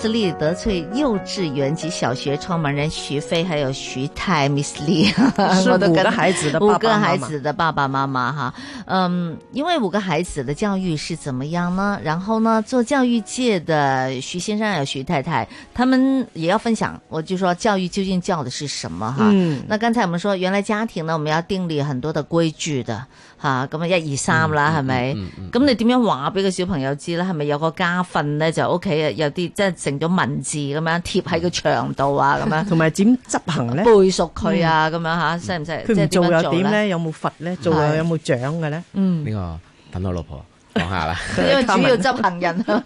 私立德萃幼稚園及小學創辦人徐飛，還有徐太 Miss 李，五個孩子的五個孩子的爸爸媽媽哈，嗯，因為五個孩子的教育是怎麼樣呢？然後呢，做教育界的徐先生還有徐太太，他們也要分享。我就說教育究竟教的是什麼哈？嗯，那剛才我們說原來家庭呢，我們要定立很多的規矩的哈，咁啊一二三啦，係咪？嗯，是是，嗯。咁你點樣話俾個小朋友知咧？係咪有個家訓呢就屋企啊有啲即係。成咗文字咁樣貼喺個牆度啊，咁樣同埋點執行咧？背熟佢啊，咁樣吓，識唔識？即係做又點咧？有冇罰咧？做有冇獎嘅咧？嗯，行行呢個等我老婆講下啦。因為主要執行人係，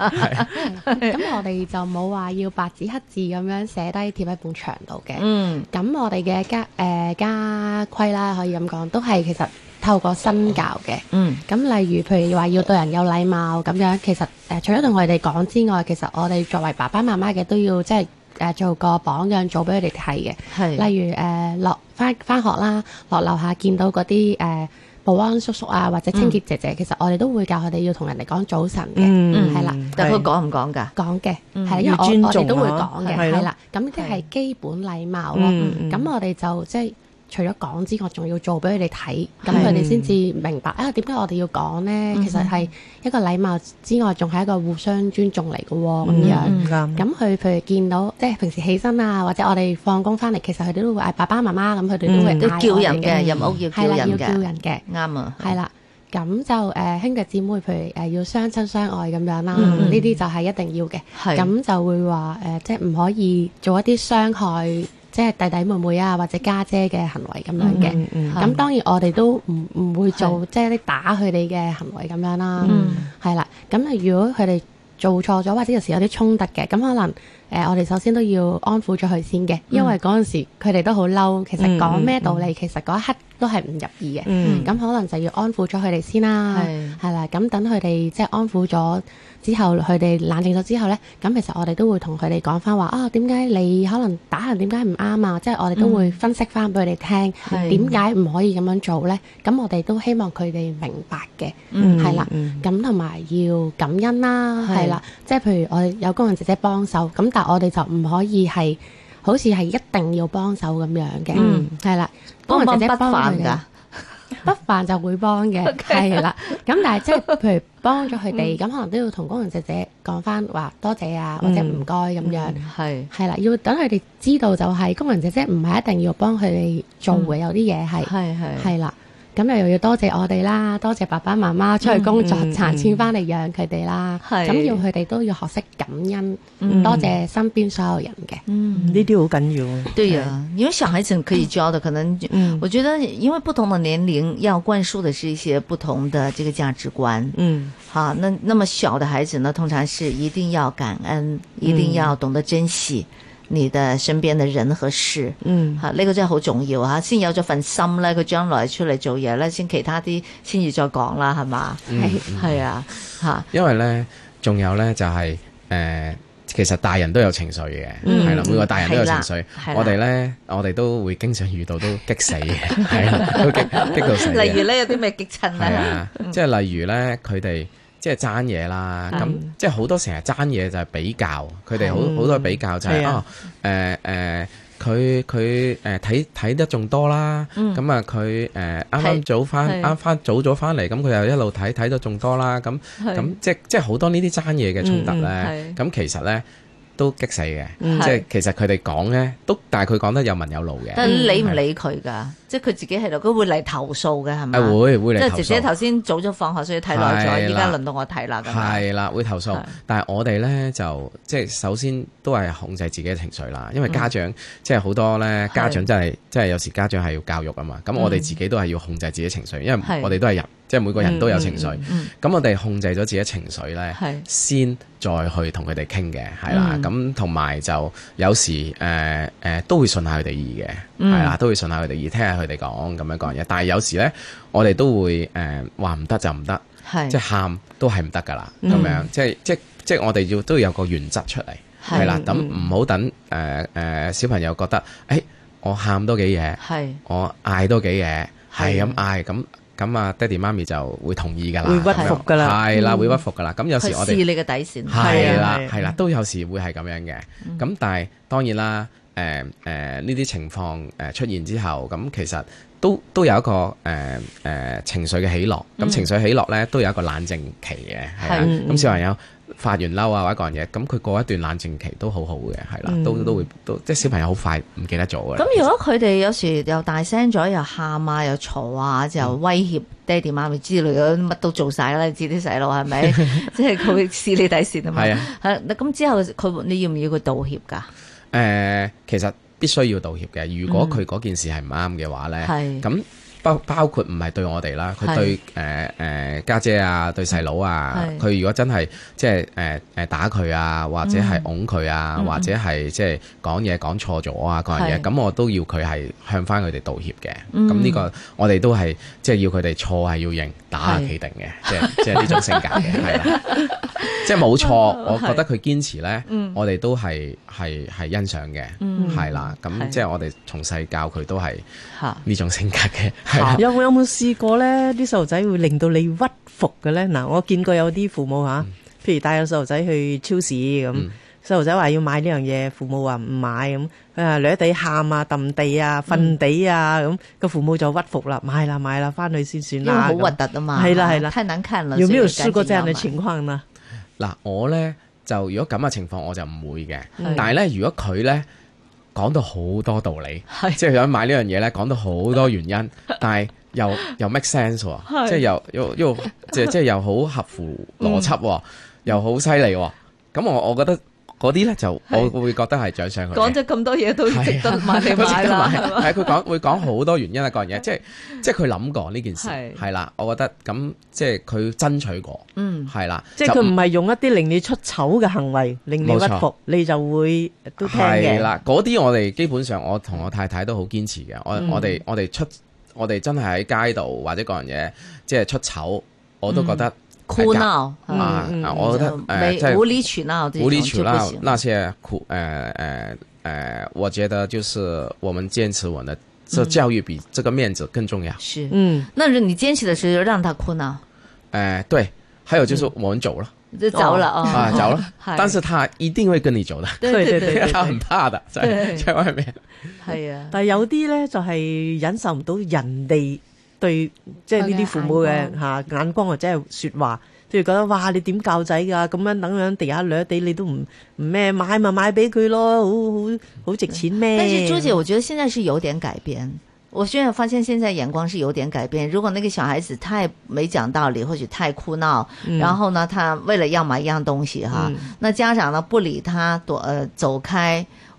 咁我哋就冇話要白紙黑字咁樣寫低貼喺本牆度嘅。嗯，咁 是的 我哋嘅、嗯、家誒家規、呃、啦，可以咁講，都係其實透過身教嘅，咁、嗯、例如譬如話要對人有禮貌咁樣，其實誒除咗同佢哋講之外，其實我哋作為爸爸媽媽嘅都要即係誒做個榜樣，做俾佢哋睇嘅。係，例如誒落返返學啦，落樓下見到嗰啲誒保安叔叔啊，或者清潔姐姐，嗯、其實我哋都會教佢哋要同人哋講早晨嘅。嗯，係啦，係但佢講唔講㗎？講嘅，係、嗯、因為我哋、啊、都會講嘅。係啦，咁即係基本禮貌咯。咁我哋就即係。嗯嗯嗯嗯嗯除咗講之外，仲要做俾佢哋睇，咁佢哋先至明白啊！點解我哋要講呢、嗯？其實係一個禮貌之外，仲係一個互相尊重嚟嘅喎。咁、嗯、樣咁佢、嗯、譬如見到即係平時起身啊，或者我哋放工翻嚟，其實佢哋都會嗌爸爸媽媽咁，佢哋都會都叫、嗯、叫人嘅，有冇叫叫人嘅？啱、嗯呃呃、啊，係、嗯、啦，咁就誒兄弟姊妹，譬如誒要相親相愛咁樣啦，呢啲就係一定要嘅。係咁就會話誒、呃，即係唔可以做一啲傷害。即係弟弟妹妹啊，或者家姐嘅行為咁樣嘅，咁、嗯嗯嗯、當然我哋都唔唔會做即係啲打佢哋嘅行為咁樣啦，係、嗯、啦，咁啊如果佢哋做錯咗或者有時有啲衝突嘅，咁可能。誒、呃，我哋首先都要安撫咗佢先嘅、嗯，因為嗰陣時佢哋都好嬲，其實講咩道理，嗯嗯、其實嗰一刻都係唔入耳嘅。咁、嗯、可能就要安撫咗佢哋先啦，係啦。咁等佢哋即係安撫咗之後，佢哋冷靜咗之後呢，咁其實我哋都會同佢哋講翻話，啊、哦，點解你可能打人，點解唔啱啊？即、嗯、係、就是、我哋都會分析翻俾佢哋聽，點解唔可以咁樣做呢？咁我哋都希望佢哋明白嘅，係、嗯、啦。咁同埋要感恩啦，係啦。即係譬如我哋有工人姐姐幫手，咁我哋就唔可以係好似係一定要幫手咁樣嘅，嗯，係啦。工、嗯、人姐姐幫佢哋不煩就會幫嘅，係 啦的。咁、okay. 但係即係譬如幫咗佢哋，咁、嗯、可能都要同工人姐姐講返話多謝啊，或者唔該咁樣。係係啦，要等佢哋知道就係工人姐姐唔係一定要幫佢哋做嘅、嗯，有啲嘢係係係啦。咁又又要多謝我哋啦，多謝爸爸媽媽出去工作賺錢翻嚟養佢哋啦，咁要佢哋都要學識感恩、嗯，多謝身邊所有人嘅。嗯，呢啲好緊要。對啊，因為小孩子可以教的、嗯，可能，嗯，我覺得因為不同的年齡要灌輸的是一些不同的這個價值觀。嗯，好、啊，那那麼小的孩子呢，通常是一定要感恩，嗯、一定要懂得珍惜。嗯你嘅身邊嘅人和事，嗯吓，呢、這個真係好重要吓，先有咗份心咧，佢將來出嚟做嘢咧，先其他啲，先至再講啦，係、嗯、嘛，係、嗯、係啊吓。因為咧，仲有咧就係、是、誒、呃，其實大人都有情緒嘅，係、嗯、啦、啊，每個大人都有情緒，我哋咧，我哋、啊、都會經常遇到都激死嘅，係啦、啊， 都激激到死。例如咧，有啲咩激親咧？係啊，嗯、即係例如咧，佢哋。即係爭嘢啦，咁即係好多成日爭嘢就係比較，佢哋好好、嗯、多比較就係、是、哦，誒佢佢睇睇得仲多啦，咁啊佢誒啱啱早翻啱翻早咗翻嚟，咁佢又一路睇睇得仲多啦，咁咁即係即係好多呢啲爭嘢嘅衝突咧，咁、嗯、其實咧。都激死嘅、嗯，即係其實佢哋講咧，都但係佢講得有文有路嘅。但理唔理佢噶，即係佢自己喺度，佢會嚟投訴嘅係咪？係，會會嚟投訴，即係姐姐頭先早咗放學，所以睇耐咗，而家輪到我睇啦。係啦，會投訴。但係我哋咧就即係首先都係控制自己嘅情緒啦。因為家長、嗯、即係好多咧，家長真係即係有時家長係要教育啊嘛。咁、嗯、我哋自己都係要控制自己嘅情緒，因為我哋都係人。是即係每個人都有情緒，咁、嗯嗯嗯、我哋控制咗自己情緒呢，先再去同佢哋傾嘅，係啦。咁同埋就有時誒誒、呃呃、都會順下佢哋意嘅，係、嗯、啦，都會順下佢哋意，聽下佢哋講咁樣講嘢、嗯。但係有時呢，我哋都會誒話唔得就唔得，即係喊都係唔得噶啦。咁、嗯、樣即係即係即係我哋要都要有個原則出嚟，係啦。等唔好等誒誒小朋友覺得誒、欸、我，我喊多幾嘢，我嗌多幾嘢，係咁嗌咁。咁啊，爹哋媽咪就會同意噶啦，會屈服噶啦，係啦，會屈服噶啦。咁、嗯、有時我哋去試你嘅底線，係啦，係啦，都有時會係咁樣嘅。咁、嗯、但係當然啦，誒誒呢啲情況誒出現之後，咁其實都都有一個誒誒、呃呃、情緒嘅起落。咁情緒起落咧，都有一個冷靜期嘅，係、嗯、啊。咁小朋友。發完嬲啊，或者講樣嘢，咁佢過一段冷靜期都好好嘅，係啦、嗯，都都會都即係小朋友好快唔記得咗嘅。咁、嗯、如果佢哋有時又大聲咗，又喊啊，又嘈啊，就、嗯、威脅爹哋媽咪之類乜都做晒啦，你知啲細佬係咪？即係佢會試你底線啊嘛。係 啊，咁、嗯、之後佢你要唔要佢道歉噶？誒、呃，其實必須要道歉嘅。如果佢嗰件事係唔啱嘅話咧，係、嗯、咁。包包括唔係對我哋啦，佢對誒誒家姐啊，對細佬啊，佢如果真係即係誒、呃、打佢啊，或者係哄佢啊、嗯，或者係、嗯、即係講嘢講錯咗啊嗰樣嘢，咁我都要佢係向翻佢哋道歉嘅。咁、嗯、呢個我哋都係即係要佢哋錯係要認，打下企定嘅，即係即係呢種性格嘅， 是啦。 即係冇錯，我覺得佢堅持咧，我哋都係係係欣賞嘅，係、嗯、啦。咁即係我哋從細教佢都係呢種性格嘅。 有冇有冇試過咧？啲細路仔會令到你屈服嘅咧？嗱，我見過有啲父母吓、啊，譬如帶個細路仔去超市咁，細路仔話要買呢樣嘢，父母話唔買咁，佢啊，掠地喊啊，揼地啊，瞓地啊，咁個父母就屈服啦，買啦，買啦，翻去先算啦。因為好核突啊嘛，係啦係啦，太難看了。有冇試過這樣嘅情況呢？嗱，我咧就如果咁嘅情況，我就唔會嘅。但係咧，如果佢咧。講到好多道理，是即係想買呢樣嘢呢，講到好多原因， 但係又又 make sense 喎，即係又又即係又即係又好合乎邏輯，嗯、又好犀利喎，咁我我覺得。嗰啲咧就我會覺得係掌上佢，講咗咁多嘢，欸、都值得買嚟佢，講會講好多原因啊，各樣嘢即係即係佢諗過呢件事係啦。我覺得咁即係佢爭取過，嗯係啦。即係佢唔係用一啲令你出醜嘅行為令你屈服，你就會都聽嘅。係啦，嗰啲我哋基本上我同我太太都好堅持嘅，嗯。我我哋我哋出我哋真係喺街度或者各樣嘢，即、就、係、是、出醜我都覺得。哭鬧啊！我沒無理取鬧，無理取鬧那些哭誒誒誒！我覺得就是我們堅持，我的這教育比這個面子更重要。嗯、是，嗯，那你堅持的時候讓他哭鬧。誒、啊，對，還有就是我們走、嗯、就走了，走、哦、了、哦、啊，走了。 但是他一定會跟你走的，對對對，對，對，對，對，對， 他很怕的，在在外面。是啊， 對 但有啲呢就係、是、忍受唔到人哋。對，即係呢啲父母嘅吓眼光或者係、啊就是，說話，即係覺得哇，你點教仔噶咁樣等等地下掠地，你都唔唔咩買咪買俾佢咯，好好好值錢咩？但係朱姐，我覺得現在是有點改變，我現在發現現在眼光是有點改變。如果那個小孩子太沒講道理，或者太哭鬧，嗯，然後呢，他為了要買一樣東西，哈、嗯，那家長呢不理他，躲，呃，走開。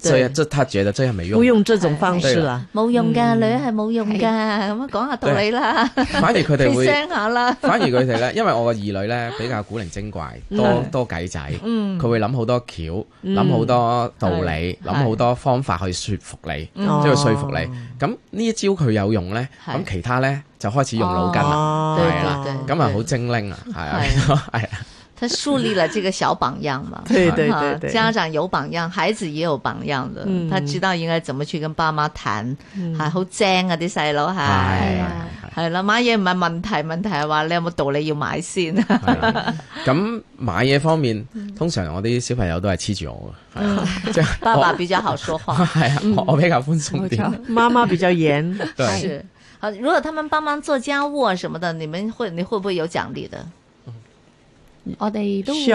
即係，即係，他覺得真係冇用。冇用這種方式啊？冇用噶、嗯，女人係冇用噶。咁啊，講下道理啦。 反而佢哋會，下反而佢哋咧，因為我個二女咧 比較古靈精怪，多多計仔，佢、嗯、會諗好多橋，諗、嗯、好多道理，諗好多方法去說服你，即係、就是、說服你。咁、哦、呢一招佢有用咧，咁其他咧就開始用腦筋啦，係、哦、啦，咁啊好精靈啊，係啊，係啊。 他樹立了這個小榜樣嘛？ 對對對對，家長有榜樣，孩子也有榜樣的。嗯、他知道應該怎麼去跟爸媽談，還好正啊！啲細佬係係啦，買嘢唔係問題，問題係話你有冇道理要買先啊？咁買嘢方面，通常我啲小朋友都係黐住我嘅，即係爸爸比較好說話、嗯， 係啊，我我比較寬鬆啲，嗯、媽媽比較嚴 是啊，如果他們幫忙做家務啊什麼的，你們會你會，你會不會有獎勵的？我哋都唔會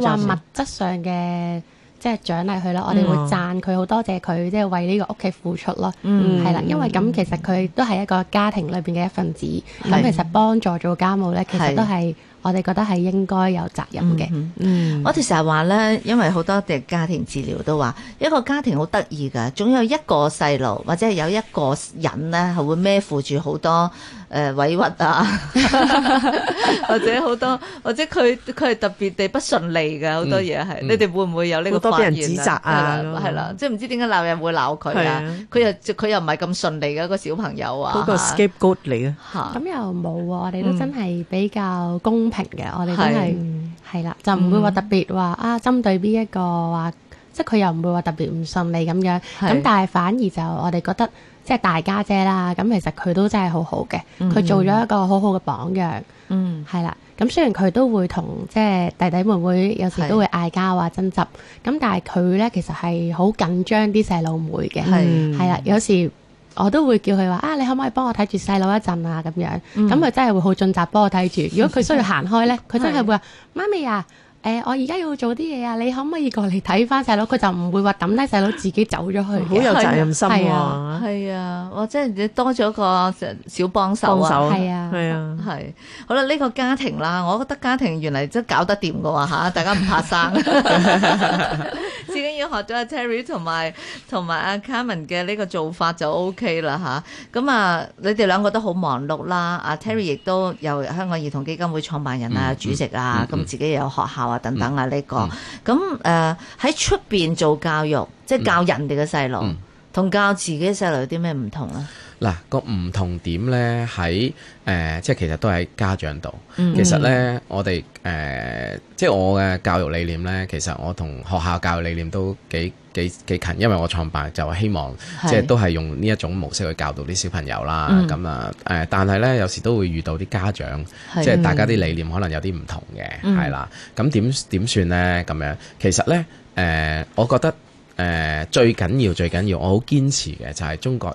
話物質上嘅，即係獎勵佢啦，我哋會讚佢好多謝佢，即、就、係、是、為呢個屋企付出咯，係、嗯、啦，因為咁其實佢都係一個家庭裏邊嘅一份子，咁、嗯、其實幫助做家務咧，其實都係。我哋覺得係應該有責任嘅、嗯嗯。嗯，我哋成日話咧，因為好多嘅家庭治療都話，一個家庭好得意㗎，總有一個細路或者係有一個人咧，係會孭負住好多誒、呃、委屈啊， 或者好多，或者佢佢係特別地不順利㗎，好、嗯、多嘢係、嗯。你哋會唔會有呢個？好多俾人指責啊，係啦，即係唔知點解鬧人會鬧佢啊？佢又佢又唔係咁順利嘅一個小朋友啊。嗰、啊嗰個 scapegoat 嚟嘅嚇。咁、啊、又冇喎、啊，我哋都真係比較公平。嗯嘅，我哋真係係啦，就唔會話特別話、嗯、啊，針對呢一個話，即係佢又唔會話特別唔順利咁樣，咁但係反而就我哋覺得即係大家姐啦，咁其實佢都真係好好嘅，佢做咗一個好好嘅榜樣，嗯，係啦，咁雖然佢都會同即係弟弟妹妹有時都會嗌交啊、爭執，咁但係佢咧其實係好緊張啲細佬妹嘅，係係啦，有時。我都會叫佢話啊，你可唔可以幫我睇住細佬一陣啊？咁樣，咁、嗯、佢真係會好盡責幫我睇住。如果佢需要行開咧，佢 真係會話媽咪啊。誒、欸，我而家要做啲嘢啊，你可唔可以過嚟睇翻細佬？佢就唔會話抌低細佬自己走咗去。好有責任心喎！係啊，係啊，啊，啊，我即係多咗個小幫手啊，係啊，係啊，啊好啦，呢、這個家庭啦，我覺得家庭原嚟都搞得掂㗎喎，大家唔怕生。最 緊 要學咗阿 Terry 同埋同埋阿 Carmen 嘅呢個做法就 OK 啦咁啊，啊，你哋兩個都好忙碌啦。阿、啊、Terry 亦都有香港兒童基金會創辦人啊、嗯、主席啊，咁、嗯嗯、自己又有學校啊。等等啊呢個，咁誒喺出邊做教育，即係教人哋嘅細路，同、嗯、教自己細路有啲咩唔同啊？嗱、那，個唔同點咧喺、呃、即係其實都喺家長度、嗯。其實咧，我哋、呃、即係我嘅教育理念咧，其實我同學校教育理念都幾幾幾近，因為我創辦就希望即係都係用呢一種模式去教導啲小朋友啦。咁、嗯、啊、呃、但係咧有時都會遇到啲家長，即係大家啲理念可能有啲唔同嘅，係、嗯、啦。咁點點算咧？咁樣其實咧、呃、我覺得、呃、最緊要最緊要，我好堅持嘅就係中國。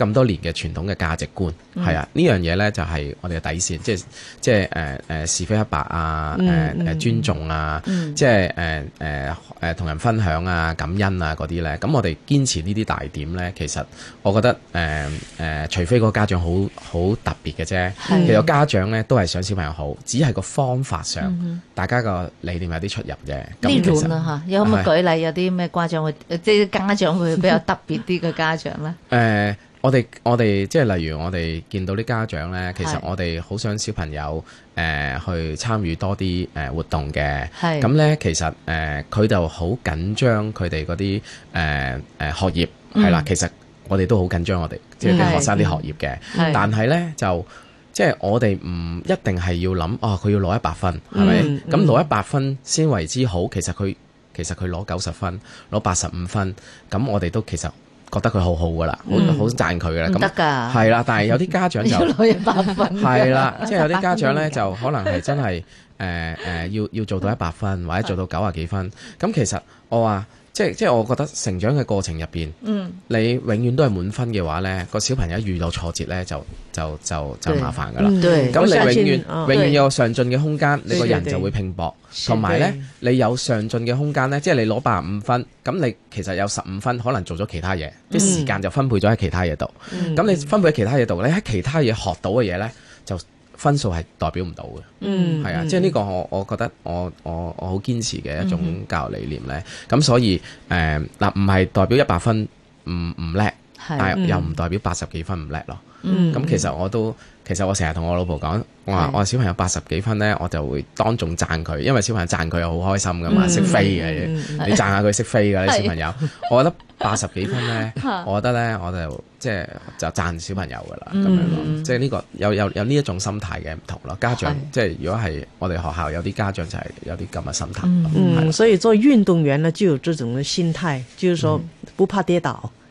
咁多年嘅傳統嘅價值觀，係、嗯、啊這樣東西呢樣嘢咧就係、是、我哋嘅底線，即係即係誒誒是非黑白啊，誒、嗯、誒、嗯、尊重啊，嗯、即係誒誒誒同人分享啊、感恩啊嗰啲咧。咁我哋堅持呢啲大點咧，其實我覺得誒誒、呃呃，除非嗰個家長好好特別嘅啫，其實家長咧都係想小朋友好，只係個方法上、嗯、大家個理念有啲出入嘅。呢盤啦吓，有冇舉例有啲咩家長會即係家長會比較特別啲嘅家長咧？誒、 呃。我哋我哋即係例如我哋見到啲家長、呃、呢，其實我哋好想小朋友誒去參與多啲誒活動嘅。咁、呃、呢，其實誒佢就好緊張佢哋嗰啲誒誒學業係、嗯、啦。其實我哋都好緊張我哋即係啲學生啲學業嘅。但係呢，就即係、就是、我哋唔一定係要諗啊，佢、哦、要攞一百分係咪？咁攞一百分先為之好。其實佢其實佢攞九十分，攞八十五分，咁我哋都其實。覺得佢好好㗎啦，好好讚佢㗎啦，咁係啦。但係有啲家長就攞一百 分，係啦，即係有啲家長呢， 就可能係真係誒、呃呃、要要做到一百分 或者做到九十幾分。咁其實我話。即係即係，我覺得成長嘅過程入邊、嗯，你永遠都係滿分嘅話呢、個小朋友遇到挫折呢，就就就就麻煩噶啦。咁、嗯、你永遠、嗯、永遠有上進嘅空間，你個人就會拼搏。同埋呢，你有上進嘅空間呢，即係你攞八十五分，咁你其實有十五分可能做咗其他嘢，啲、嗯、時間就分配咗喺其他嘢度。咁、嗯、你分配喺其他嘢度，你喺其他嘢學到嘅嘢呢，就。分數係代表唔到嘅，係、嗯、啊，即係呢個我我覺得我我我好堅持嘅一種教育理念呢。咁、嗯、所以誒嗱，唔、呃、係代表一百分唔唔叻，但係又唔代表八十幾分唔叻咯。咁、嗯、其實我都其實我成日同我老婆講，我話我小朋友八十幾分呢，我就會當眾讚佢，因為小朋友讚佢又好開心噶嘛，識、嗯、飛嘅，你讚下佢識飛嘅啲小朋友，我覺得。八十幾分呢， 我覺得呢，我就即係就讚小朋友噶啦，咁、嗯、樣咯。即係呢個有有有呢一種心態嘅唔同咯。家長是即係如果係我哋學校有啲家長就係、是、有啲咁嘅心態、嗯。嗯，所以做運動員呢，就有這種嘅心態，就是說不怕跌倒。嗯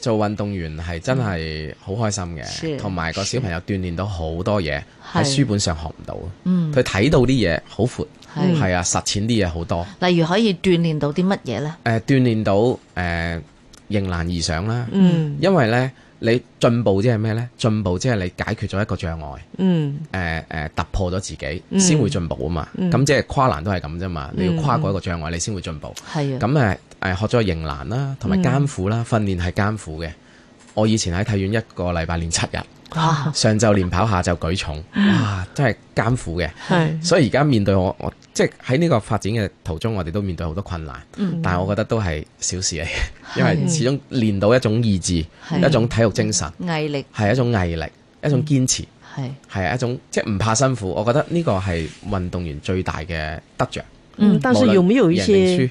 做運動員係真係好開心嘅，同、嗯、埋個小朋友鍛煉到好多嘢喺書本上學唔到，佢、嗯、睇到啲嘢好闊，係啊、嗯、實踐啲嘢好多。例如可以鍛煉到啲乜嘢呢？誒、呃、鍛煉到誒迎、呃、難而上啦、嗯，因為呢，你進步即係咩呢？進步即係你解決咗一個障礙，誒、嗯、誒、呃呃、突破咗自己先、嗯、會進步啊嘛。咁、嗯、即係跨欄都係咁啫嘛，你要跨過一個障礙、嗯、你先會進步。係啊，咁誒，學咗型難啦，同埋艱苦啦，訓練係艱苦嘅。我以前喺體院一個禮拜練七日、啊，上晝練跑，下晝舉重，哇，真係艱苦嘅。係，所以而家面對我，我即係喺呢個發展嘅途中，我哋都面對好多困難。嗯、但係我覺得都係小事嚟，因為始終練到一種意志是，一種體育精神，毅力係一種毅力，一種堅持，係、嗯、係一種即係唔怕辛苦。我覺得呢個係運動員最大嘅得着。嗯，但係有冇有一些？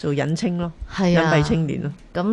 做隱青咯，隱蔽、啊、青年咯。咁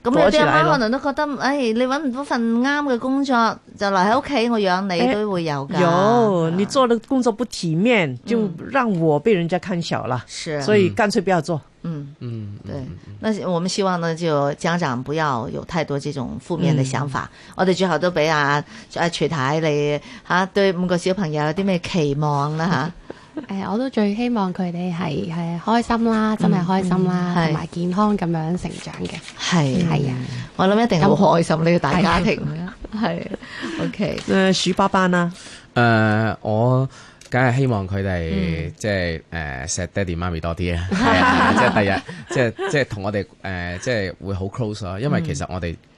咁你哋阿媽可能都覺得，唉，你揾唔到份啱嘅工作，就留喺屋企，我養你都會有噶。有，啊、你做嘅工作不體面，就讓我被人家看小啦。是、啊，所以乾脆不要做。嗯嗯，對。那我們希望呢，就家長不要有太多這種負面的想法。嗯、我哋最後都俾啊啊，徐太、啊、徐太你嚇對每個小朋友有啲咩期望啦嚇？ 誒、呃，我都最希望佢哋係誒開心啦，真係開心啦，同、嗯、埋、嗯、健康咁樣成長嘅。係係啊，我諗一定好開心呢個大家庭、嗯。係、啊啊啊啊啊啊，OK。誒鼠爸班啦、啊。誒、呃，我梗係希望佢哋即係誒錫爹哋媽咪多啲啊！ 即係第日，即係即係同我哋誒，即係、呃、會好 close 囉。因為其實我哋。